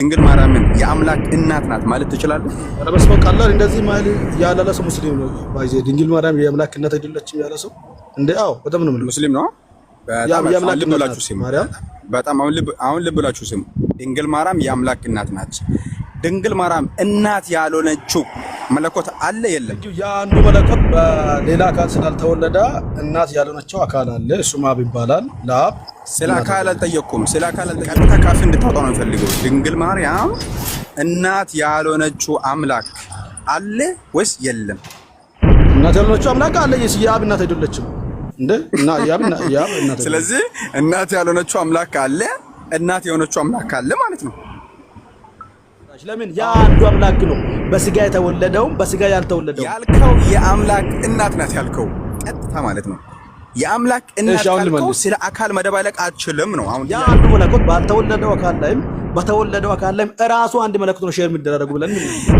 ድንግል ማርያምን የአምላክ እናት ናት ማለት ትችላለህ? ረበስሞ ቀላል እንደዚህ ማል ያላለ ሰው ሙስሊም ነው። ባይዜ ድንግል ማርያም የአምላክ እናት አይደለችም ያለ ሰው እንዴ? አዎ፣ በጣም ነው ሙስሊም ነው። በጣም አሁን ልብ ብላችሁ ስሙ። ድንግል ማርያም የአምላክ እናት ናት። ድንግል ማርያም እናት ያልሆነችው መለኮት አለ የለም? የአንዱ መለኮት በሌላ አካል ስላልተወለደ እናት ያልሆነችው አካል አለ። እሱም አብ ይባላል። ለአብ ስለ አካል አልጠየቅኩም። ስለ አካል ቀጥታ ካፍ እንድታወጣ ነው የሚፈልገው። ድንግል ማርያም እናት ያልሆነችው አምላክ አለ ወይስ የለም? እናት ያልሆነችው አምላክ አለ። የአብ እናት አይደለችም ስለዚህ እናት ያልሆነችው አምላክ አለ፣ እናት የሆነችው አምላክ አለ ማለት ነው። ትችላለች። ለምን ያ አንዱ አምላክ ነው፣ በስጋ የተወለደውም በስጋ ያልተወለደው ያልከው የአምላክ እናት ናት ያልከው ቀጥታ ማለት ነው። የአምላክ እናት ያልከው ስለ አካል መደባለቅ አትችልም ነው። አሁን ያ አንዱ መለኮት ባልተወለደው አካል ላይም በተወለደው አካል ላይም እራሱ አንድ መለኮት ነው ሼር የሚደረጉ ብለን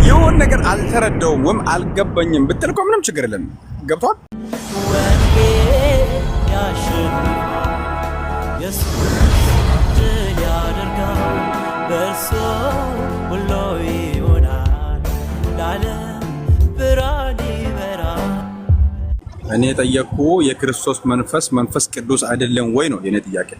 ይሁን ነገር አልተረዳውም ወይም አልገባኝም ብትል እኮ ምንም ችግር የለም። ገብቷል የሱስ ያደርጋል በእርሱ እኔ ጠየቅኩ የክርስቶስ መንፈስ መንፈስ ቅዱስ አይደለም ወይ ነው የኔ ጥያቄ።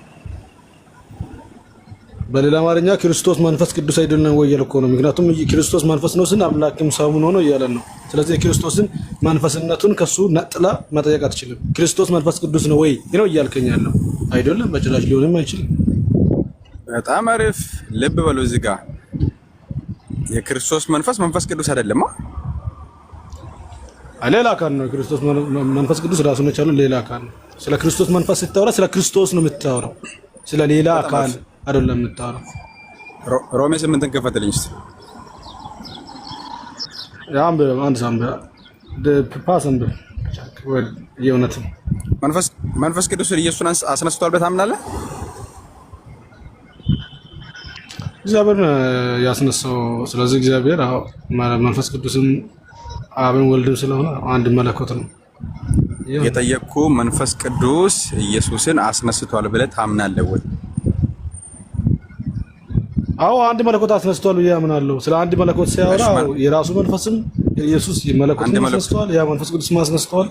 በሌላ አማርኛ ክርስቶስ መንፈስ ቅዱስ አይደለም ወይ እያልኩ ነው። ምክንያቱም ክርስቶስ መንፈስ ነው ስን አምላክም ሰውም ሆኖ እያለን ነው። ስለዚህ የክርስቶስን መንፈስነቱን ከሱ ነጥላ መጠየቅ አትችልም። ክርስቶስ መንፈስ ቅዱስ ነው ወይ ነው እያልከኝ ነው። አይደለም። በጭራሽ ሊሆንም አይችልም። በጣም አሪፍ ልብ በሉ እዚህ ጋር የክርስቶስ መንፈስ መንፈስ ቅዱስ አይደለም ሌላ አካል ነው። የክርስቶስ መንፈስ ቅዱስ ራሱ ነው ቻሉ ሌላ አካል ነው። ስለ ክርስቶስ መንፈስ ስታወራ ስለ ክርስቶስ ነው የምታወራው፣ ስለ ሌላ አካል አይደለም የምታወራው። ሮሜ ስምንትን ከፈትልኝ እስኪ ያም አንድ ሳምብ ፓስን የእውነት መንፈስ ቅዱስ ኢየሱስን አስነስቷል ብለህ ታምናለህ? እግዚአብሔር ያስነሳው። ስለዚህ እግዚአብሔር መንፈስ ቅዱስን አብን ወልድም ስለሆነ አንድ መለኮት ነው። የጠየቅኩ መንፈስ ቅዱስ ኢየሱስን አስነስቷል ብለህ ታምናለህ ወይ? አዎ አንድ መለኮት አስነስቷል ብዬ አምናለሁ። ስለ አንድ መለኮት ሲያወራ የራሱ መንፈስም ኢየሱስ መለኮት አስነስቷል፣ ያ መንፈስ ቅዱስ አስነስቷል።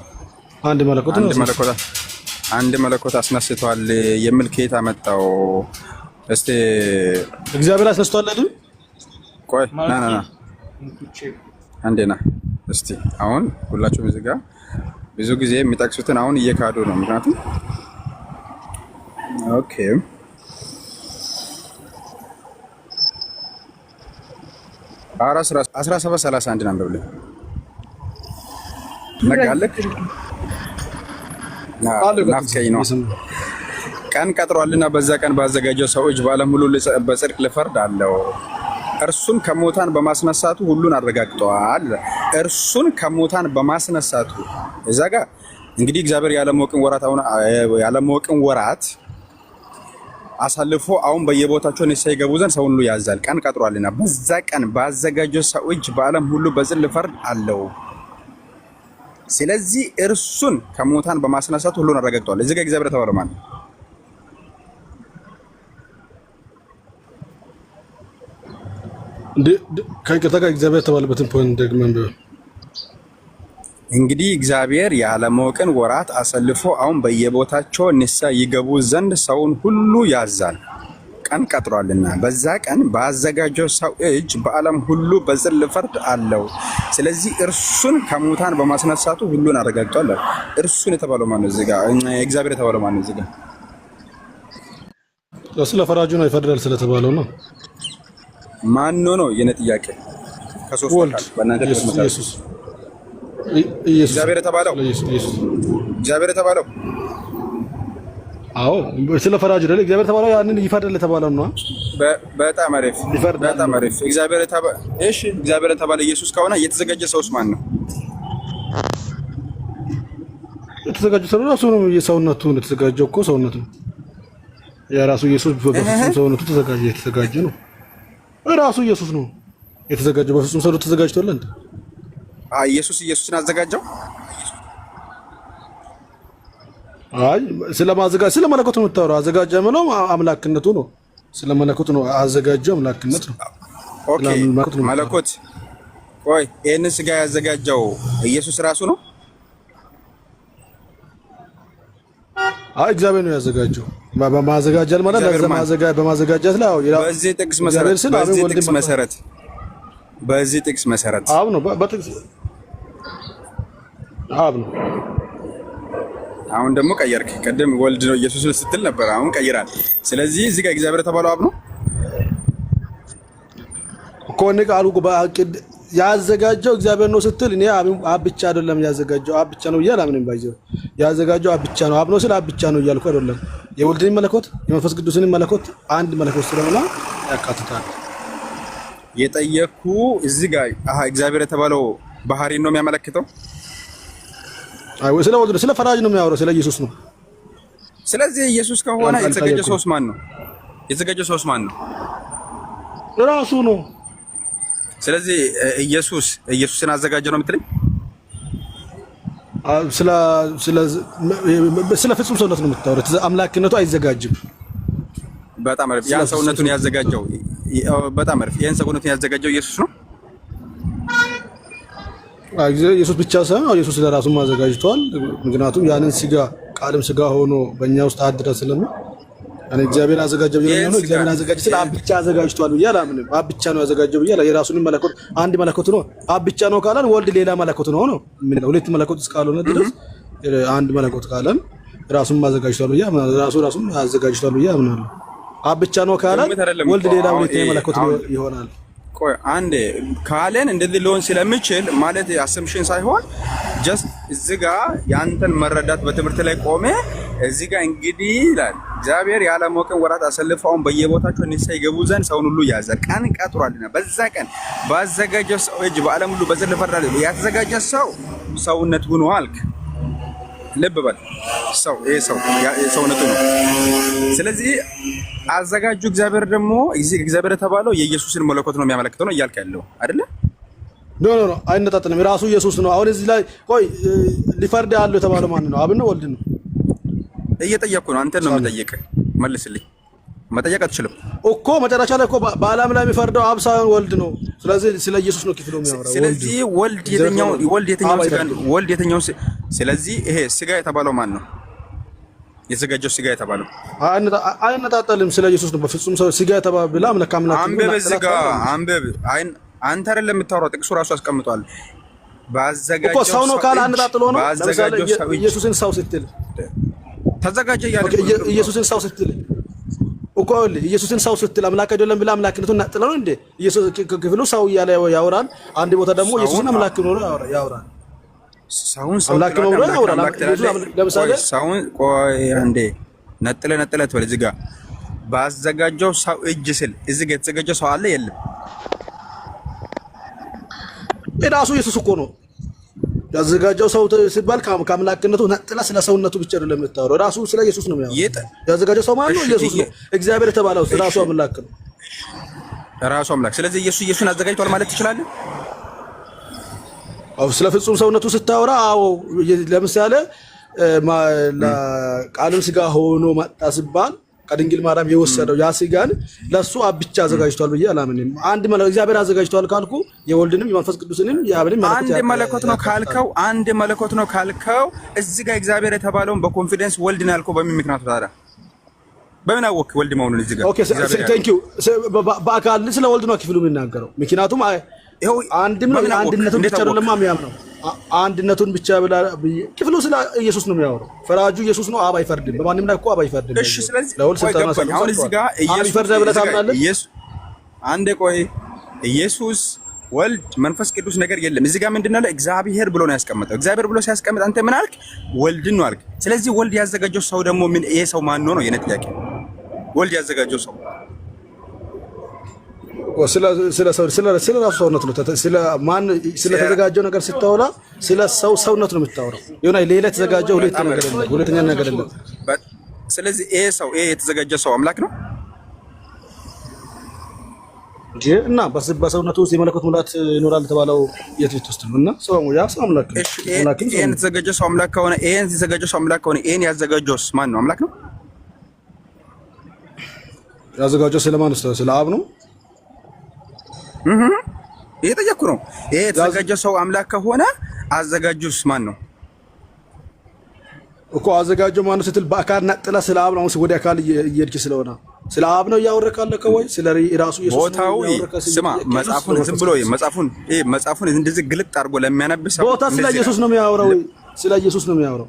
አንድ መለኮት ነው አንድ መለኮት አስነስቷል የሚል ከየት አመጣው? እስቲ እግዚአብሔር አስነስቷል አይደል? ቆይ ና ና ና አንዴ ና እስቲ አሁን ሁላችሁም እዚህ ጋር ብዙ ጊዜ የሚጠቅሱትን አሁን እየካዱ ነው። ምክንያቱም ኦኬ አስራ ሰባት ሰላሳ አንድ ነው ነጋለክ ናፍቀኝ ነው ቀን ቀጥሯልና በዛ ቀን ባዘጋጀው ሰው እጅ ባለሙሉ በጽድቅ ልፈርድ አለው። እርሱን ከሙታን በማስነሳቱ ሁሉን አረጋግጠዋል። እርሱን ከሙታን በማስነሳቱ እዛ ጋር እንግዲህ እግዚአብሔር ያለማወቅን ወራት አሁን ያለማወቅን ወራት አሳልፎ አሁን በየቦታቸው ንስሐ ይገቡ ዘንድ ሰው ሁሉ ያዛል፣ ቀን ቀጥሯልና በዛ ቀን ባዘጋጀው ሰው እጅ በዓለም ሁሉ በጽል ፈርድ አለው። ስለዚህ እርሱን ከሙታን በማስነሳቱ ሁሉን አረጋግጠዋል። እዚህ ጋር እግዚአብሔር ተባረማል። ከይቅርታ ጋር እግዚአብሔር የተባለበትን ፖይንት ደግመን እንግዲህ እግዚአብሔር የአለማወቅን ወራት አሰልፎ አሁን በየቦታቸው ንስሐ ይገቡ ዘንድ ሰውን ሁሉ ያዛል። ቀን ቀጥሯልና በዛ ቀን በአዘጋጀው ሰው እጅ በዓለም ሁሉ በዝር ልፈርድ አለው። ስለዚህ እርሱን ከሙታን በማስነሳቱ ሁሉን አረጋግጧል። እርሱን የተባለው ማነው? እዚህ እግዚአብሔር የተባለው ማነው? ዜጋ ስለ ፈራጁ ነው ይፈርዳል ስለተባለው ነው። ማን ነው ነው የኔ ጥያቄ? ከሶስት ወልድ በእናንተ ኢየሱስ ኢየሱስ እግዚአብሔር የተባለው እግዚአብሔር የተባለው አዎ፣ ስለ ፈራጅ እግዚአብሔር ያንን ይፈርዳል ተባለው ነው። በጣም አሪፍ በጣም አሪፍ። እግዚአብሔር የተባለ እሺ፣ እግዚአብሔር የተባለ ኢየሱስ ከሆነ የተዘጋጀ ሰውስ ማን ነው? የተዘጋጀ ሰው ራሱ ነው። የሰውነቱ የተዘጋጀ እኮ ሰውነቱ የራሱ ኢየሱስ በፍጹም ሰውነቱ ተዘጋጀ የተዘጋጀ ነው። ራሱ ኢየሱስ ነው የተዘጋጀው። በፍጹም ሰው ተዘጋጅቷል። እንዴ አይ ኢየሱስ ኢየሱስን አዘጋጀው። አይ ስለማዘጋጅ ስለመለኮቱ የምታወራው አዘጋጀ ምለው አምላክነቱ ነው። ስለመለኮቱ ነው አዘጋጀ አምላክነት ነው። ኦኬ መለኮት ቆይ ይህንን ስጋ ያዘጋጀው ኢየሱስ ራሱ ነው። አይ እግዚአብሔር ነው ያዘጋጀው። በማዘጋጀት ማለት በማዘጋጀት ላይ ይላል። በዚህ ጥቅስ መሰረት በዚህ ጥቅስ መሰረት በዚህ ጥቅስ መሰረት አብ ነው በጥቅስ አብ ነው። አሁን ደግሞ ቀየርክ። ቀደም ወልድ ነው ኢየሱስን ስትል ነበር፣ አሁን ቀይራል። ስለዚህ እዚህ ጋር እግዚአብሔር የተባለው አብ ነው እኮ ንቅ አልኩ በአቅድ ያዘጋጀው እግዚአብሔር ነው ስትል እኔ አብ ብቻ አይደለም ያዘጋጀው አብ ብቻ ነው እያል አምንም ባይዘው ያዘጋጀው አብ ብቻ ነው አብ ነው ስለ አብ ብቻ ነው እያልኩ አይደለም። የወልድን መለኮት የመንፈስ ቅዱስን መለኮት አንድ መለኮት ስለሆነ ያካትታል። የጠየኩ እዚህ ጋር አሃ እግዚአብሔር የተባለው ባህሪ ነው የሚያመለክተው። አይ ወይ ስለ ወልድ ስለ ፈራጅ ነው የሚያወራው፣ ስለ ኢየሱስ ነው። ስለዚህ ኢየሱስ ከሆነ የተዘጋጀ ሰውስ ማን ነው? የተዘጋጀ ሰውስ ማን ነው? ራሱ ነው ስለዚህ ኢየሱስ ኢየሱስን አዘጋጀ ነው የምትለኝ? ስለ ስለ ፍጹም ሰውነት ነው የምታወሩት። አምላክነቱ አይዘጋጅም። በጣም አሪፍ። ያን ሰውነቱን ያዘጋጀው በጣም አሪፍ። ያን ሰውነቱን ያዘጋጀው ኢየሱስ ነው። ኢየሱስ ብቻ ሳይሆን ኢየሱስ ለራሱም አዘጋጅቷል። ምክንያቱም ያንን ስጋ ቃልም ስጋ ሆኖ በእኛ ውስጥ አድረ ስለሚል እኔ እግዚአብሔር አዘጋጀው ብዬ ነው። እግዚአብሔር አዘጋጀ ስለ አብ ብቻ አዘጋጅቷል ብዬ አላምንም። አብ ብቻ ነው ያዘጋጀው ብዬ የራሱንም መለኮት አንድ መለኮት ነው። አብ ብቻ ነው ካለን ወልድ ሌላ መለኮት ነው ነው ምን ሁለት መለኮት እስካልሆነ ድረስ አንድ መለኮት ካለን ራሱን አዘጋጅቷል ብዬ አምናለሁ። ራሱ ራሱን አዘጋጅቷል ብዬ አምናለሁ። አብ ብቻ ነው ካለን ወልድ ሌላ ሁለት መለኮት ይሆናል። ቆይ አንዴ ካለን እንደዚህ ሊሆን ስለምችል ማለት አሰምሽን ሳይሆን ጀስት እዚህ ጋር ያንተን መረዳት በትምህርት ላይ ቆሜ እዚህ ጋር እንግዲህ ይላል እግዚአብሔር ያለማወቅን ወራት አሰልፈውን በየቦታቸው ንሳ ይገቡ ዘንድ ሰውን ሁሉ ያዘ ቀን ቀጥሯልና በዛ ቀን ባዘጋጀ ሰው እጅ በዓለም ሁሉ በዘር ልፈርዳል ያተዘጋጀ ሰው ሰውነት ሁኖ አልክ። ልብ በል ሰው ይሄ ሰው ሰውነቱ ነው። ስለዚህ አዘጋጁ እግዚአብሔር ደግሞ እግዚአብሔር የተባለው የኢየሱስን መለኮት ነው የሚያመለክተው ነው እያልክ ያለው አይደለ? ኖ ኖ ኖ አይነጣጥንም። ራሱ ኢየሱስ ነው። አሁን እዚህ ላይ ቆይ ሊፈርድ ያለው የተባለው ማን ነው? አብ ነው? ወልድ ነው? እየጠየቅኩ ነው። አንተን ነው የምጠይቅህ፣ መልስልኝ። መጠየቅ አትችልም እኮ መጨረሻ ላይ እኮ በዓለም ላይ የሚፈርደው አብ ሳይሆን ወልድ ነው። ስለዚህ ስለ ኢየሱስ ነው ክፍሉ የሚያወራው። ስለዚህ ወልድ የትኛው ወልድ የትኛው ወልድ የትኛው? ስለዚህ ይሄ ስጋ የተባለው ማን ነው የዘጋጀው? ስጋ የተባለው አይነጣጠልም። ስለ ኢየሱስ ነው በፍጹም ሰው ስጋ የተባለ ብላ አምላክ አምላክ አንበብ፣ ስጋ አንበብ። አይን አንተ አይደለም የምታወራው፣ ጥቅሱ ራሱ አስቀምጧል። ባዘጋጀው እኮ ሰው ነው ካለ አነጣጥሎ ነው። ለምሳሌ ኢየሱስን ሰው ስትል ተዘጋጀ ኢየሱስን ሰው ስትል እኮ ኢየሱስን ሰው ስትል አምላክ አይደለም ብላ አምላክነቱን እናጥለው እንዴ? ኢየሱስ ክፍሉ ሰው እያለ ያወራል። አንድ ቦታ ደግሞ ኢየሱስን አምላክ ነው ያወራል። ሰውን ሰው አምላክ ነው ያወራል። ለምሳሌ ሰውን ቆይ አንዴ ነጥለ ነጥለ ትበል እዚህ ጋር ባዘጋጀው ሰው እጅ ስል እዚህ ጋር የተዘጋጀው ሰው አለ የለም? እራሱ ኢየሱስ እኮ ነው ያዘጋጀው ሰው ሲባል ከአምላክነቱ ነጥላ ስለ ሰውነቱ ብቻ አይደለም የምታወራው፣ ራሱ ስለ ኢየሱስ ነው የሚያወራው። ያዘጋጀው ሰው ማለት ነው ኢየሱስ ነው። እግዚአብሔር የተባለው ራሱ አምላክ ነው፣ ራሱ አምላክ። ስለዚህ ኢየሱስ ኢየሱስን አዘጋጅቷል ማለት ትችላለህ። አው ስለ ፍጹም ሰውነቱ ስታወራ፣ አዎ፣ ለምሳሌ ቃልም ስጋ ሆኖ መጣ ሲባል ከድንግል ማርያም የወሰደው ያ ስጋን ለእሱ አብ ብቻ አዘጋጅቷል ብዬ አላምንም። አንድ እግዚአብሔር አዘጋጅቷል ካልኩ የወልድንም የመንፈስ ቅዱስንም የአብንም አንድ መለኮት ነው ካልከው አንድ መለኮት ነው ካልከው እዚህ ጋር እግዚአብሔር የተባለውን በኮንፊደንስ ወልድን ያልከው በምን ምክንያቱ ታዲያ? በምን አወቅ ወልድ መሆኑን እዚህ ጋር? ኦኬ ቴንክ ዩ። በአካል ስለ ወልድ ነው ክፍሉ የሚናገረው። ምክንያቱም አንድም ነው አንድነቱን ብቻ ነው ለማምያም ነው አንድነቱን ብቻ ብላ ክፍሉ ስለ ኢየሱስ ነው የሚያወራው። ፈራጁ ኢየሱስ ነው። አብ አይፈርድም፣ በማንም ላይ እኮ አብ አይፈርድም። እሺ፣ ስለዚህ ለሁል ስልጣና ሰጥቷል። አሁን እዚህ ጋር ኢየሱስ ፈርደ ብለህ ታምናለህ? ኢየሱስ አንድ ቆይ፣ ኢየሱስ ወልድ መንፈስ ቅዱስ ነገር የለም። እዚህ ጋር ምንድን አለ? እግዚአብሔር ብሎ ነው ያስቀመጠው። እግዚአብሔር ብሎ ሲያስቀምጥ አንተ ምን አልክ? ወልድን ነው አልክ። ስለዚህ ወልድ ያዘጋጀው ሰው ደግሞ ምን? ይሄ ሰው ማን ነው ነው የኔ ጥያቄ። ወልድ ያዘጋጀው ሰው ስለ ሰው ስለ ስለ ራሱ ሰውነት ነው። ስለ ስለ ማን ስለተዘጋጀው ነገር ስታወራ ስለ ሰው ሰውነት ነው የምታወራው። የሆነ ሌላ የተዘጋጀው ሁለተኛ ነገር ነው። ስለዚህ ይሄ ሰው ይሄ የተዘጋጀ ሰው አምላክ ነው እና በሰውነቱ ውስጥ የመለኮት ሙላት ይኖራል የተባለው የት ቤት ውስጥ ነው? እና ሰው አምላክ ነው። ይሄን የተዘጋጀ ሰው አምላክ ከሆነ ይሄን የተዘጋጀ ሰው አምላክ ከሆነ ይሄን ያዘጋጀውስ ማን ነው? አምላክ ነው ያዘጋጀው። ስለማን ነው? ስለ አብ ነው ይሄ ጠየቅኩ ነው። ይሄ የተዘጋጀ ሰው አምላክ ከሆነ አዘጋጁስ ማን ነው እኮ? አዘጋጀው ማን ነው ስትል በአካል ናጥላ ስለ አብ ነው። ወደ አካል እየሄድክ ስለሆነ ስለ አብ ነው እያወረካለ ከወይ ስለ ራሱ ኢየሱስ ቦታው ስማ፣ መጽሐፉን ዝም ብሎ መጽሐፉን ይሄ መጽሐፉን እንደዚህ ግልጥ አድርጎ ለሚያነብስ ቦታ ስለ ኢየሱስ ነው የሚያወራው። ስለ ኢየሱስ ነው የሚያወራው።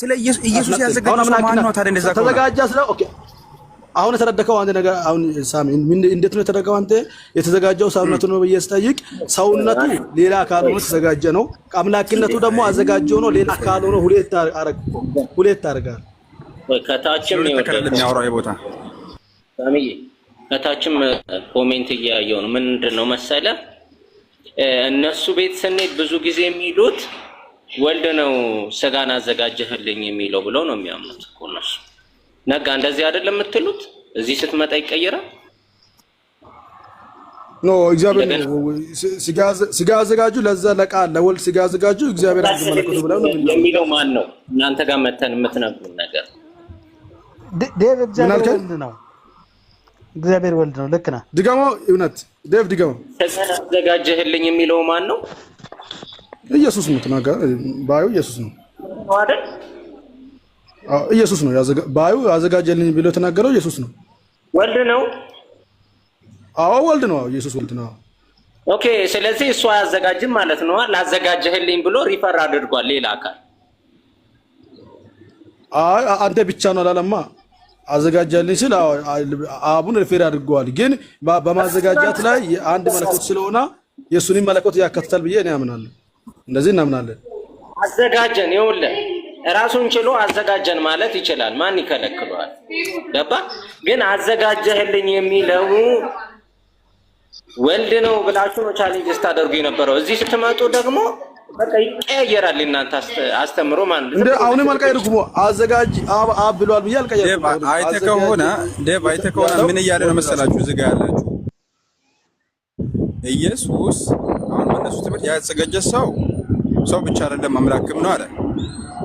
ስለ ኢየሱስ ኢየሱስ ያዘጋጀው ማን ነው ታዲያ? እንደዛ ከሆነ ተዘጋጀ ስለ ኦኬ አሁን የተረደከው አንድ ነገር አሁን ሳሚ እንዴት ነው የተረደከው? አንተ የተዘጋጀው ሰውነቱ ነው ብዬ ስጠይቅ ሰውነቱ ሌላ አካል ሆኖ ተዘጋጀ ነው። አምላክነቱ ደግሞ አዘጋጀው ነው ሌላ አካል ሆኖ ሁለት አረግ ሁለት አርጋል። ከታችም የሚያወራው ቦታ ሳሚዬ፣ ከታችም ኮሜንት እያየው ነው። ምንድን ነው መሰለ እነሱ ቤት ስንሄድ ብዙ ጊዜ የሚሉት ወልድ ነው ስጋን አዘጋጀህልኝ የሚለው ብለው ነው የሚያምኑት እኮ እነሱ ነጋ እንደዚህ አይደለም የምትሉት? እዚህ ስትመጣ ይቀየራል። ኖ እግዚአብሔር ስጋ አዘጋጁ፣ ለዛ ለቃል ለወልድ ስጋ አዘጋጁ፣ እግዚአብሔር አንድ መለኮት ብለው ነው የሚለው። ማን ነው እናንተ ጋር መተን የምትነግሩን ነገር? ዴቭ እግዚአብሔር ወልድ ነው፣ እግዚአብሔር ወልድ ነው። ልክ ነህ። ድገመው፣ እውነት ዴቭ ድገመው። ስጋን አዘጋጀህልኝ የሚለው ማን ነው? ኢየሱስ ነው። ተናጋ ባዩ ኢየሱስ ነው አይደል? ኢየሱስ ነው ባዩ አዘጋጀልኝ ብሎ የተናገረው ኢየሱስ ነው። ወልድ ነው። አዎ ወልድ ነው። ኢየሱስ ወልድ ነው። ኦኬ። ስለዚህ እሱ አያዘጋጅም ማለት ነው። ላዘጋጀህልኝ ብሎ ሪፈር አድርጓል ሌላ አካል። አይ አንተ ብቻ ነው አላለማ። አዘጋጀልኝ ስል አቡን ሪፈር አድርጓል። ግን በማዘጋጃት ላይ አንድ መለኮት ስለሆነ የእሱንም መለኮት ያካትታል ብዬ እኔ አምናለሁ። እንደዚህ እናምናለን። አዘጋጀን ይኸውልህ ራሱን ችሎ አዘጋጀን ማለት ይችላል። ማን ይከለክለዋል? ገባ? ግን አዘጋጀህልኝ የሚለው ወልድ ነው ብላችሁ ነው ቻሌንጅ ስታደርጉ የነበረው። እዚህ ስትመጡ ደግሞ በቃ ይቀያየራል። እናንተ አስተምሮ ማለት እንደ አሁንም አልቀየርኩም። አዘጋጅ አብ ብሏል ብዬ አልቀየርኩም። አይተህ ከሆነ ደብ አይተህ ከሆነ ምን እያለ ነው መሰላችሁ? እዚህ ጋር ያላችሁ ኢየሱስ አሁን በእነሱ ትምህርት ያዘጋጀ ሰው ሰው ብቻ አይደለም አምላክም ነው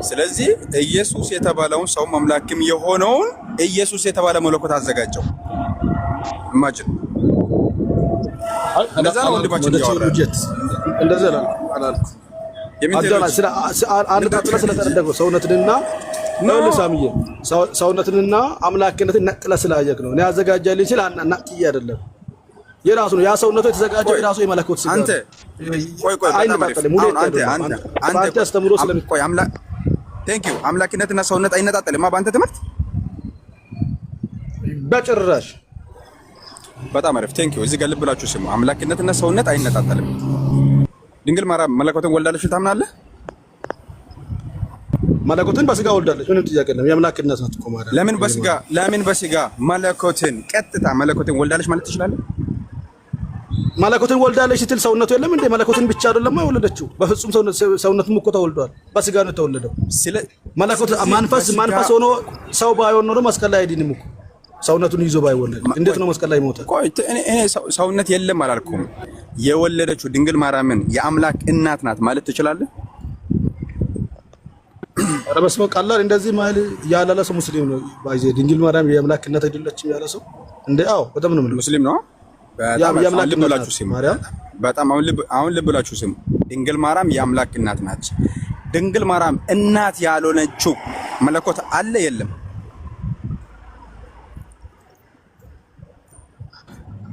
ስለዚህ ኢየሱስ የተባለውን ሰው አምላክም የሆነውን ኢየሱስ የተባለ መለኮት አዘጋጀው። ኢማጂን እንደዛ ነው ወንድማችን ያወራ እንደዛ ነው አላልኩ ስለተረደገው ሰውነትንና ሳምዬ ሰውነትንና አምላክነትን ነጥለ ስላየክ ነው። እኔ አዘጋጃል ይችል ናጥዬ አይደለም የራሱ ነው። ያ ሰውነቱ የተዘጋጀው የራሱ የመለኮት ስጋ አንተ ቆይ ቆይ፣ በጣም አንተ አንተ አንተ አስተምሮ ስለሚ ቴንክ ዩ። አምላክነትና ሰውነት አይነጣጠልማ በአንተ ትምህርት በጭራሽ። በጣም አሪፍ ቴንክ ዩ። እዚህ ጋር ልብ ብላችሁ ስሙ። አምላክነትና ሰውነት አይነጣጠልም። ድንግል ማርያም መለኮትን ወልዳለች ታምናለህ? መለኮትን በስጋ ወልዳለች። ምንም ጥያቄ የለም። የአምላክነት ናት ለምን በስጋ ለምን በስጋ መለኮትን ቀጥታ መለኮትን ወልዳለች ማለት ትችላለህ? መለኮትን ወልዳለች ስትል ሰውነቱ የለም እንዴ? መለኮትን ብቻ አይደለም የወለደችው። በፍጹም ሰውነቱ እኮ ተወልዷል። በስጋ ነው የተወለደው። መለኮት መንፈስ መንፈስ ሆኖ ሰው ባይሆን ኖሮ መስቀል ላይ አይድንም እኮ ሰውነቱን ይዞ ባይወለድ እንዴት ነው መስቀል ላይ ይሞታል? እኔ ሰውነት የለም አላልኩም። የወለደችው ድንግል ማርያምን የአምላክ እናት ናት ማለት ትችላለህ? ኧረ በስመ አብ ቀላል እንደዚህ ማል ያላለ ሰው ሙስሊም ነው። ድንግል ማርያም የአምላክ እናት አይደለችም ያለ ሰው እንዴ? አዎ በጣም ነው ሙስሊም ነው በጣም አሁን ልብ ብላችሁ ስሙ። ድንግል ማርያም የአምላክ እናት ናች። ድንግል ማርያም እናት ያልሆነችው መለኮት አለ የለም?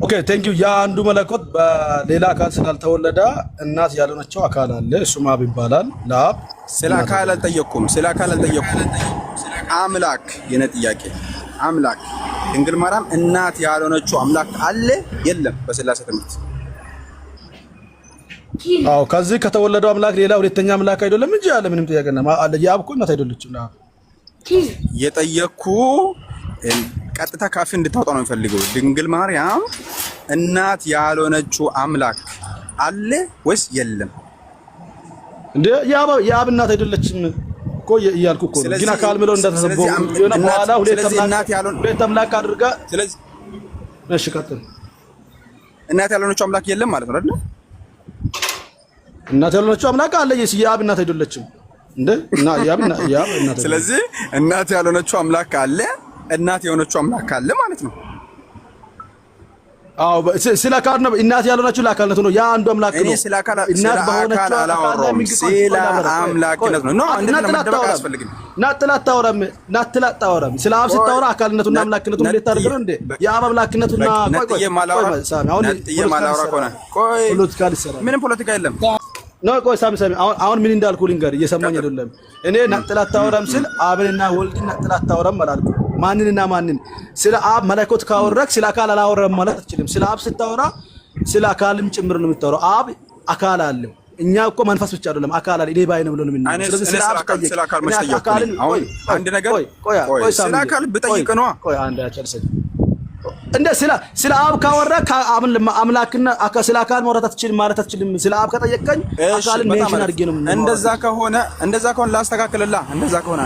ኦኬ ቴንክ ዩ። ያ አንዱ መለኮት በሌላ አካል ስላልተወለደ እናት ያልሆነችው አካል አለ። እሱም አብ ይባላል። ለአብ ስለ አካል አልጠየቅኩም፣ ስለ አካል አልጠየቅኩም። አምላክ የነ ጥያቄ አምላክ ድንግል ማርያም እናት ያልሆነችው አምላክ አለ የለም? በስላሴ ትምህርት አዎ፣ ከዚህ ከተወለደው አምላክ ሌላ ሁለተኛ አምላክ አይደለም እንጂ ያለ ምንም ጥያቄና ነው። የአብ እኮ እናት አይደለችም። የጠየቅኩ ቀጥታ ካፊ እንድታወጣ ነው የሚፈልገው። ድንግል ማርያም እናት ያልሆነችው አምላክ አለ ወይስ የለም? እንደ የአብ እናት አይደለችም? እኮ እያልኩ እኮ ነው። ግን አካል ምለው እንደተሰበው የሆነ በኋላ ሁለት አምላክ አድርጋ ስለዚህ እሺ፣ ቀጥል። እናት ያልሆነችው አምላክ የለም ማለት ነው አይደል? እናት ያልሆነችው አምላክ አለ። የአብ እናት አይደለችም እንደ እና ያብ እና ያብ እናት ስለዚህ እናት ያልሆነችው አምላክ አለ፣ እናት የሆነችው አምላክ አለ ማለት ነው። አዎ ስለ አካል ነው። እናት ያልሆናችሁ ለአካልነቱ ነው። ያ አንዱ አምላክ ነው። ስለ አካል እናት በሆነችው አላወራሁም። ስለ አምላክነት ነው። እናት ጥላት ታወራም፣ እናት ጥላት ታወራም። ስለ አብ ስታወራ እና አምላክነቱ እንዴት ታደርግ ነው እንዴ? የአብ እና ቆይ ቆይ ቆይ ምንም ፖለቲካ የለም። ነው ቆይ ሳሚ ሳሚ፣ አሁን አሁን ምን እንዳልኩ ልንገር፣ እየሰማኝ አይደለም። እኔ እናት ጥላት ታወራም ስል አብንና ወልድ እናት ጥላት ታወራም አላልኩም። ማንንና ማንን? ስለ አብ መለኮት ካወረክ ስለ አካል አላወረም ማለት አትችልም። ስለ አብ ስታወራ ስለ አካልም ጭምር ነው የምታወራው። አብ አካል አለው። እኛ እኮ መንፈስ ብቻ አይደለም አካል አለ። ባይ ነው ብሎ ነው የምናየው። ስለ አብ ስለ አካል መስተያየት አሁን አንድ ነገር ቆይ ቆይ ስለ አካል ብጠይቅ ነው ቆይ አንድ አጨርሰኝ እንደ ስለ አብ ካወራ አምላክና ስለ አካል ማውራት አትችልም ማለት አትችልም። ስለ አብ ከጠየቀኝ አካልን ሜንሽን አድርጌ ነው። እንደዛ ከሆነ እንደዛ ከሆነ ላስተካክልላ። እንደዛ ከሆነ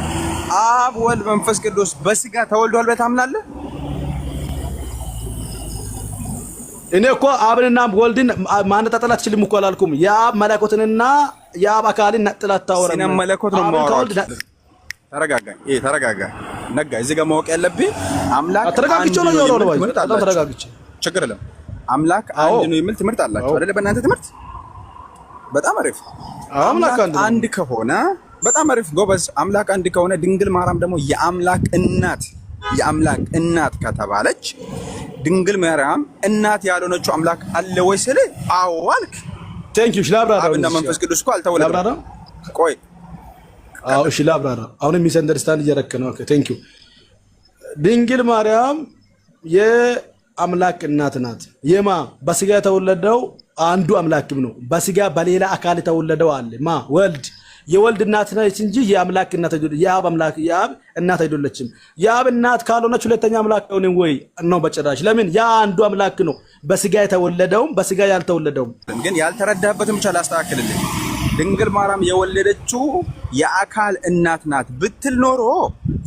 አብ ወልድ መንፈስ ቅዱስ በስጋ ተወልዷል ብለህ ታምናለህ? እኔ እኮ አብንና ወልድን ማነጣጠል አትችልም እኮ አላልኩም። የአብ መለኮትንና የአብ አካልን ነጥላ አታወራም። መለኮት ነው ተረጋጋ፣ ተረጋጋ ነጋ። እዚህ ጋር ማወቅ ያለብህ አምላክ ተረጋግቼ ነው ያለው ነው ባይ ተረጋግቼ፣ ችግር የለም አምላክ አንድ ነው የሚል ትምህርት አላችሁ አይደለ? በእናንተ ትምህርት በጣም አሪፍ። አምላክ አንድ ከሆነ በጣም አሪፍ ጎበዝ። አምላክ አንድ ከሆነ ድንግል ማርያም ደግሞ የአምላክ እናት የአምላክ እናት ከተባለች ድንግል ማርያም እናት ያልሆነችው አምላክ አለ ወይ ስልህ አዎ አልክ። ቴንክ ዩ። አብና መንፈስ ቅዱስ እኮ አልተወለደም። ቆይ እሺ ላብራራ። አሁንም ሚስ አንደርስታንድ እያደረክ ነው። ቴንክ ዩ። ድንግል ማርያም የአምላክ እናት ናት። የማ በስጋ የተወለደው አንዱ አምላክም ነው። በስጋ በሌላ አካል የተወለደው አለ ማ ወልድ የወልድ እናት ነች እንጂ የአምላክ እናት የአብ አምላክ የአብ እናት አይደለችም። የአብ እናት ካልሆነች ሁለተኛ አምላክ አይሆንም ወይ ነው በጭራሽ። ለምን ያ አንዱ አምላክ ነው፣ በስጋ የተወለደውም በስጋ ያልተወለደውም። ግን ያልተረዳህበትም ብቻ ላስተካክልልኝ ድንግል ማርያም የወለደችው የአካል እናት ናት ብትል ኖሮ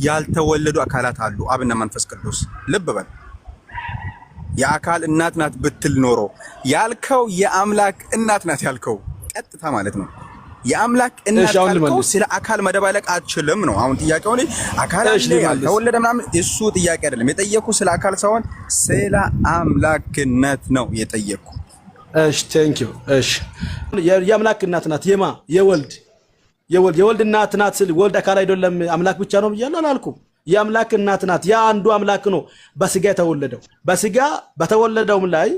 ያልተወለዱ አካላት አሉ፣ አብና መንፈስ ቅዱስ። ልብ በል የአካል እናት ናት ብትል ኖሮ ያልከው የአምላክ እናት ናት ያልከው ቀጥታ ማለት ነው። የአምላክ እናት ያልከው ስለ አካል መደባለቅ አትችልም ነው። አሁን ጥያቄው አካል ተወለደ ምናምን እሱ ጥያቄ አይደለም። የጠየኩ ስለ አካል ሳይሆን ስለ አምላክነት ነው የጠየኩ እሺ ቴንክ ዩ እሺ የአምላክ እናት ናት የማ የወልድ የወልድ የወልድ እናት ናት ስል ወልድ አካል አይደለም አምላክ ብቻ ነው ብያለሁ አላልኩም የአምላክ እናት ናት ያ አንዱ አምላክ ነው በስጋ የተወለደው በስጋ በተወለደውም ላይ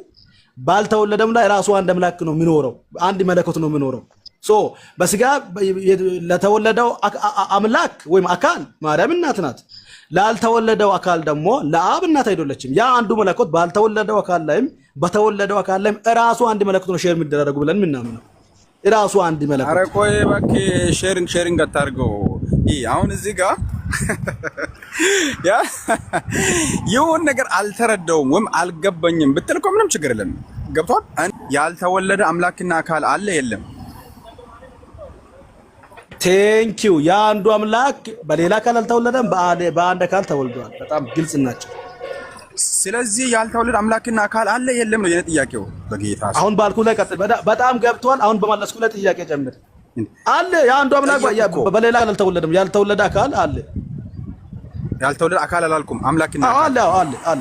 ባልተወለደም ላይ ራሱ አንድ አምላክ ነው የሚኖረው አንድ መለኮት ነው የሚኖረው ሶ በስጋ ለተወለደው አምላክ ወይም አካል ማርያም እናት ናት ላልተወለደው አካል ደግሞ ለአብ እናት አይደለችም። ያ አንዱ መለኮት ባልተወለደው አካል ላይም በተወለደው አካል ላይም እራሱ አንድ መለኮት ነው ሼር የሚደረጉ ብለን የምናምነው እራሱ አንድ መለኮት። ኧረ ቆይ እባክህ ሼሪንግ ሼርን አታድርገው። አሁን እዚህ ጋር የሆነ ነገር አልተረዳውም ወይም አልገባኝም ብትል እኮ ምንም ችግር የለም። ገብቷል። ያልተወለደ አምላክና አካል አለ የለም ቴንኪዩ ያ አንዱ አምላክ በሌላ አካል አልተወለደም፣ በአንድ አካል ተወልደዋል። በጣም ግልጽ ናቸው። ስለዚህ ያልተወለደ አምላክና አካል አለ የለም ነው የኔ ጥያቄው። በጌታ አሁን ባልኩ ላይ ቀጥል። በጣም ገብቷል። አሁን በመለስኩ ላይ ጥያቄ ጀምር። አለ ያ አንዱ አምላክ በሌላ አካል አልተወለደም። ያልተወለደ አካል አለ። ያልተወለደ አካል አላልኩም። አምላክና አለ አለ አለ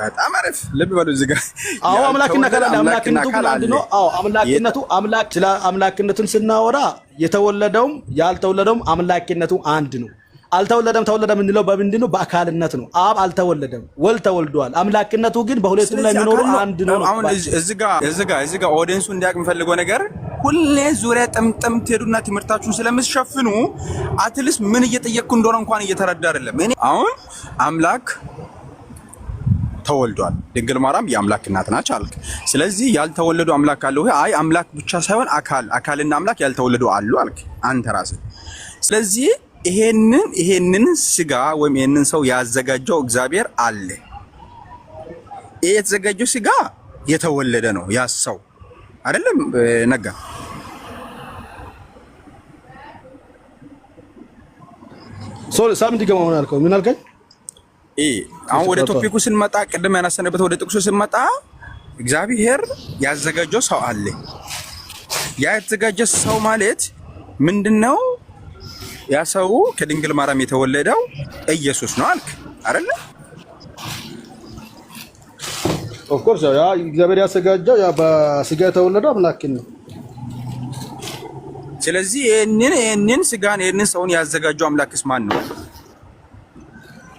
በጣም አሪፍ ልብ በሉ እዚህ ጋር አዎ አምላክና ካላለ አምላክነቱ ግን አንድ ነው አዎ አምላክነቱ አምላክ ስለ አምላክነቱን ስናወራ የተወለደውም ያልተወለደውም አምላክነቱ አንድ ነው አልተወለደም ተወለደ የምንለው በምንድን ነው በአካልነት ነው አብ አልተወለደም ወልድ ተወልዷል አምላክነቱ ግን በሁለቱም ላይ የሚኖሩ አንድ ነው አሁን እዚህ ጋር እዚህ ጋር እዚህ ጋር ኦዲየንሱ እንዲያውቅ የምፈልገው ነገር ሁሌ ዙሪያ ጥምጥም ትሄዱና ትምህርታችሁን ስለምትሸፍኑ አትልስ ምን እየጠየቅኩ እንደሆነ እንኳን እየተረዳ አይደለም እኔ አሁን አምላክ ተወልዷል። ድንግል ማርያም የአምላክ እናት ናች አልክ። ስለዚህ ያልተወለዱ አምላክ አለ ወይ? አይ አምላክ ብቻ ሳይሆን አካል አካልና አምላክ ያልተወለዱ አሉ አልክ አንተ ራስህ። ስለዚህ ይሄንን ይሄንን ስጋ ወይም ይሄንን ሰው ያዘጋጀው እግዚአብሔር አለ። ይሄ የተዘጋጀው ስጋ የተወለደ ነው ያ ሰው አይደለም ነጋ ሶሪ ሳምንት ይገማ ምን አልከው? ምን አልከኝ? አሁን ወደ ቶፒኩ ስንመጣ ቅድም ያነሰንበት ወደ ጥቅሱ ስንመጣ እግዚአብሔር ያዘጋጀው ሰው አለ። ያ የተዘጋጀ ሰው ማለት ምንድነው? ያ ሰው ከድንግል ማርያም የተወለደው ኢየሱስ ነው አልክ አይደለ? ኦፍኮርስ ያ እግዚአብሔር ያዘጋጀው ያ በስጋ የተወለደው አምላክን ነው። ስለዚህ ይህንን ይህንን ስጋን ይህንን ሰውን ያዘጋጀው አምላክስ ማን ነው?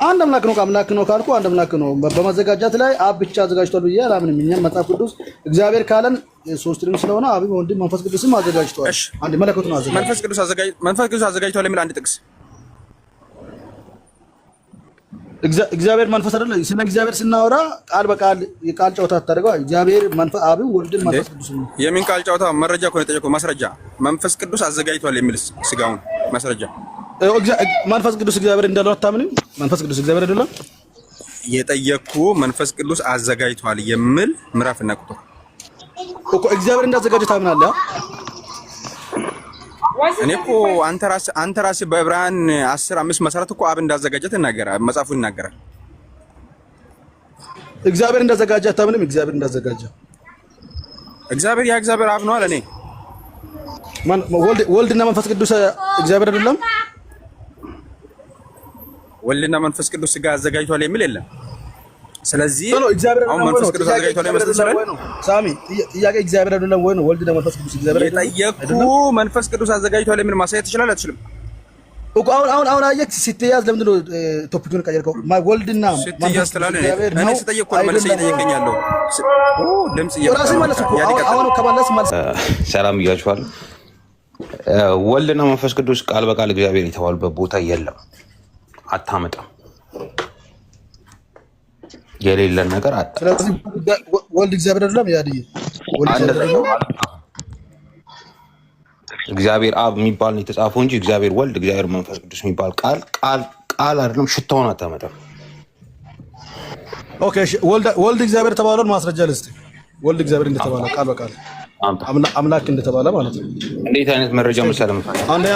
አንድ አምላክ ነው ከአምላክ ነው ካልኩ አንድ አምላክ ነው። በማዘጋጃት ላይ አብ ብቻ አዘጋጅቷል ብዬ አላምንም። እኛም መጽሐፍ ቅዱስ እግዚአብሔር ካለን ሶስት ሶስትንም ስለሆነ አብ ወልድም መንፈስ ቅዱስም አዘጋጅቷል። አንድ መለኮት ነው መንፈስ ቅዱስ አዘጋጅ መንፈስ ቅዱስ አዘጋጅቷል የሚል አንድ ጥቅስ እግዚአብሔር መንፈስ አይደለ? ስለ እግዚአብሔር ስናወራ ቃል በቃል የቃል ጨዋታ አታደርገው። እግዚአብሔር መንፈስ አብ፣ ወልድን መንፈስ ቅዱስ የሚን ቃል ጨዋታ? መረጃ እኮ ነው የጠየቀው። ማስረጃ መንፈስ ቅዱስ አዘጋጅቷል የሚል ስጋውን ማስረጃ መንፈስ ቅዱስ እግዚአብሔር እንዳለው አታምንም? መንፈስ ቅዱስ እግዚአብሔር አይደለም? የጠየቅኩ መንፈስ ቅዱስ አዘጋጅቷል የሚል ምዕራፍና ቁጥር እኮ እግዚአብሔር እንዳዘጋጀ ታምናለህ? እኔ እኮ አንተ ራስህ አንተ ራስህ በዕብራውያን 10 5 መሰረት እኮ አብ እንዳዘጋጀ ትናገራለህ፣ መጽሐፉ ይናገራል። እግዚአብሔር እንዳዘጋጀ አታምንም? እግዚአብሔር እንዳዘጋጀ እግዚአብሔር ያ እግዚአብሔር አብ ነው አለ። እኔ ወልድና መንፈስ ቅዱስ እግዚአብሔር አይደለም? ወልድና መንፈስ ቅዱስ ጋር አዘጋጅቷል የሚል የለም። ስለዚህ አሁን መንፈስ ቅዱስ አዘጋጅቷል የሚል ሳሚ ጥያቄ እግዚአብሔር አይደለም ወይ ነው? ወልድና መንፈስ ቅዱስ እግዚአብሔር አይደለም። የጠየኩ መንፈስ ቅዱስ አዘጋጅቷል የሚል ማሳየት ትችላለህ አትችልም? እኮ አሁን አሁን አሁን አየክ ስትያዝ ለምንድን ነው ቶፒኩን ቀየርከው? ወልድና ስትያዝ ትላለህ። እኔ ስጠየቅ እኮ መልስ እየጠየቀኝ ያለው ድምፅ እየራሴ መለስ እኮ አሁን ከመለስ መልስ ሰላም እያችኋል። ወልድና መንፈስ ቅዱስ ቃል በቃል እግዚአብሔር የተባሉበት ቦታ የለም። አታመጣም። የሌለን ነገር ስለዚህ ወልድ እግዚአብሔር አይደለም። ያድይ እግዚአብሔር አብ የሚባል የተጻፈው እንጂ እግዚአብሔር ወልድ፣ እግዚአብሔር መንፈስ ቅዱስ የሚባል ቃል ቃል ቃል አይደለም። ሽታውን አታመጣም። ኦኬ ወልድ እግዚአብሔር ተባለውን ማስረጃ ልስጥ። ወልድ እግዚአብሔር እንደተባለ ቃል በቃል አምላክ እንደተባለ ማለት ነው። እንዴት አይነት መረጃ አንደኛ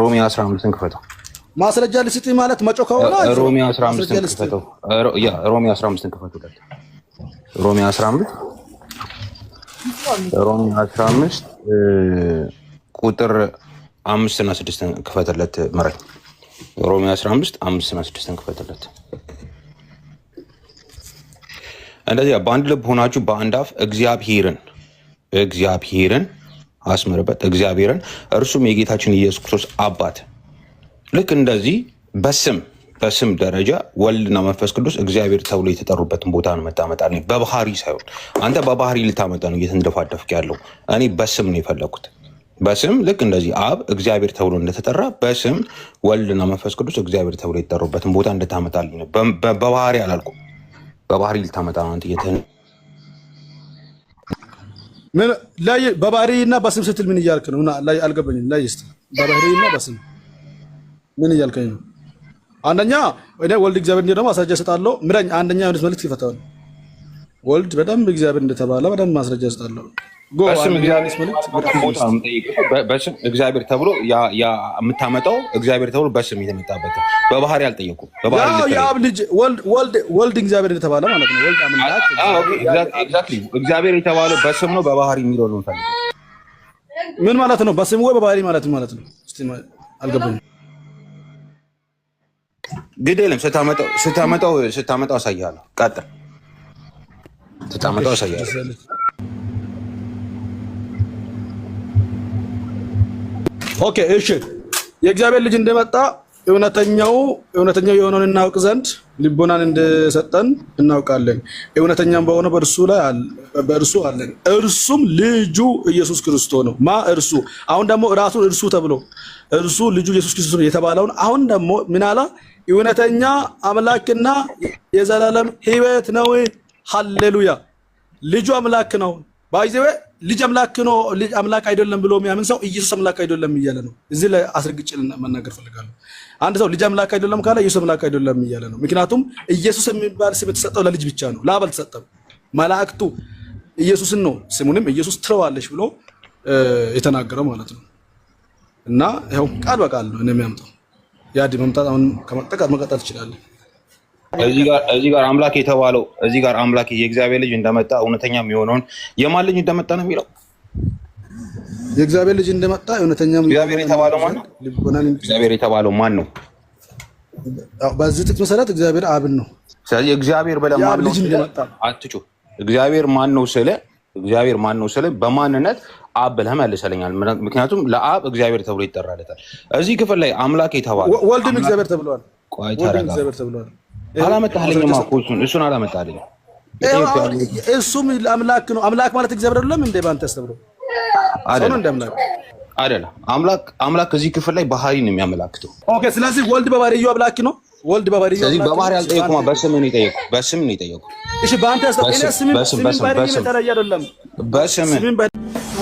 ሮሚ 15ን ክፈተው። ማስረጃ ልስጥ ማለት መጮ ከሆነ ሮሚ 15ን ክፈተው። ያ ሮሚ 15ን ክፈተው። ሮሚ 15 ሮሚ 15 ቁጥር 5 እና ስድስትን ክፈተለት። ምረኝ። ሮሚ 15 5 እና ስድስትን ክፈትለት። እንደዚያ በአንድ ልብ ሆናችሁ በአንድ አፍ እግዚአብሔርን እግዚአብሔርን አስምርበት እግዚአብሔርን። እርሱም የጌታችን ኢየሱስ ክርስቶስ አባት ልክ እንደዚህ በስም በስም ደረጃ ወልድና መንፈስ ቅዱስ እግዚአብሔር ተብሎ የተጠሩበትን ቦታ ነው መጣመጣልኝ። በባህሪ ሳይሆን አንተ በባህሪ ልታመጣ ነው እየተንደፋደፍክ ያለው። እኔ በስም ነው የፈለግኩት። በስም ልክ እንደዚህ አብ እግዚአብሔር ተብሎ እንደተጠራ በስም ወልድና መንፈስ ቅዱስ እግዚአብሔር ተብሎ የተጠሩበትን ቦታ እንደታመጣልኝ ነው። በባህሪ አላልኩም። በባህሪ ልታመጣ ነው አንተ ምን ላይ በባህሪና በስም ስትል ምን እያልክ ነው? እና ላይ አልገባኝም። ላይ እስቲ በባህሪና በስም ምን እያልከኝ ነው? አንደኛ እኔ ወልድ እግዚአብሔር እንደ ደግሞ ማስረጃ እሰጣለሁ። ምረኝ አንደኛ ዮሐንስ መልእክት ይፈታዋል። ወልድ በደንብ እግዚአብሔር እንደተባለ በደንብ ማስረጃ እሰጣለሁ። በስም እግዚአብሔር ተብሎ የምታመጣው እግዚአብሔር ተብሎ በስም የተመጣበት በባህሪ አልጠየቁም። ልጅ ወልድ እግዚአብሔር የተባለ ማለት ነው። ወልድ አምላክ እግዚአብሔር የተባለው በስም ነው። በባህሪ የሚለው ነው። ምን ማለት ነው? በስም ወይ በባህሪ ማለት ማለት ነው። አልገባኝም። ግድ የለም። ስታመጣው ስታመጣው አሳያለሁ። ቀጥል። ስታመጣው አሳያለሁ ኦኬ እሺ፣ የእግዚአብሔር ልጅ እንደመጣ እውነተኛው እውነተኛው የሆነውን እናውቅ ዘንድ ልቦናን እንደሰጠን እናውቃለን። እውነተኛም በሆነ በእርሱ ላይ በእርሱ አለን። እርሱም ልጁ ኢየሱስ ክርስቶስ ነው። ማ እርሱ አሁን ደግሞ ራሱን እርሱ ተብሎ እርሱ ልጁ ኢየሱስ ክርስቶስ የተባለውን አሁን ደግሞ ምናላ እውነተኛ አምላክና የዘላለም ሕይወት ነው። ሃሌሉያ! ልጁ አምላክ ነው ባይዘዌ ልጅ አምላክ ነው ልጅ አምላክ አይደለም ብሎ የሚያምን ሰው ኢየሱስ አምላክ አይደለም እያለ ነው። እዚህ ላይ አስረግጬ መናገር ፈልጋለሁ። አንድ ሰው ልጅ አምላክ አይደለም ካለ ኢየሱስ አምላክ አይደለም እያለ ነው። ምክንያቱም ኢየሱስ የሚባል ስም የተሰጠው ለልጅ ብቻ ነው፣ ለአብ አልተሰጠም። መላእክቱ ኢየሱስን ነው ስሙንም ኢየሱስ ትለዋለች ብሎ የተናገረው ማለት ነው። እና ይኸው ቃል በቃል ነው እኔ የሚያምጠው ያድ መምጣት አሁን ከመጠቃት መቀጠል ትችላለህ። እዚህ ጋር አምላክ የተባለው እዚህ ጋር አምላክ የእግዚአብሔር ልጅ እንደመጣ እውነተኛ የሚሆነውን የማን ልጅ እንደመጣ ነው የሚለው የእግዚአብሔር ልጅ እንደመጣ እውነተኛ እግዚአብሔር የተባለው ማን ነው? በዚህ ጥቅስ መሰረት እግዚአብሔር አብን ነው። ስለዚህ እግዚአብሔር ብለህ እግዚአብሔር ማን ነው ስለ እግዚአብሔር ማን ነው ስለ በማንነት አብ ብለህ መልሰለኛል። ምክንያቱም ለአብ እግዚአብሔር ተብሎ ይጠራለታል። እዚህ ክፍል ላይ አምላክ የተባለው ወልድም እግዚአብሔር ተብለዋል። ቆይ ተረጋ አላመጣልኝም እኮ እሱን እሱን አላመጣልኝም። እሱም አምላክ ነው። አምላክ ማለት እግዚአብሔር አይደለም እንዴ? በአንተ አስተብሮ አይደለም። አምላክ አምላክ እዚህ ክፍል ላይ ባህሪ ነው የሚያመላክተው። ኦኬ። ስለዚህ ወልድ በባህሪው አምላክ ነው። ወልድ በባህሪው ስለዚህ በባህሪ አልጠየቁም፣ በስም ነው የጠየቁ። በስም ነው የጠየቁ። እሺ፣ በአንተ አስተብሮ ባህሪ ነው አይደለም በስም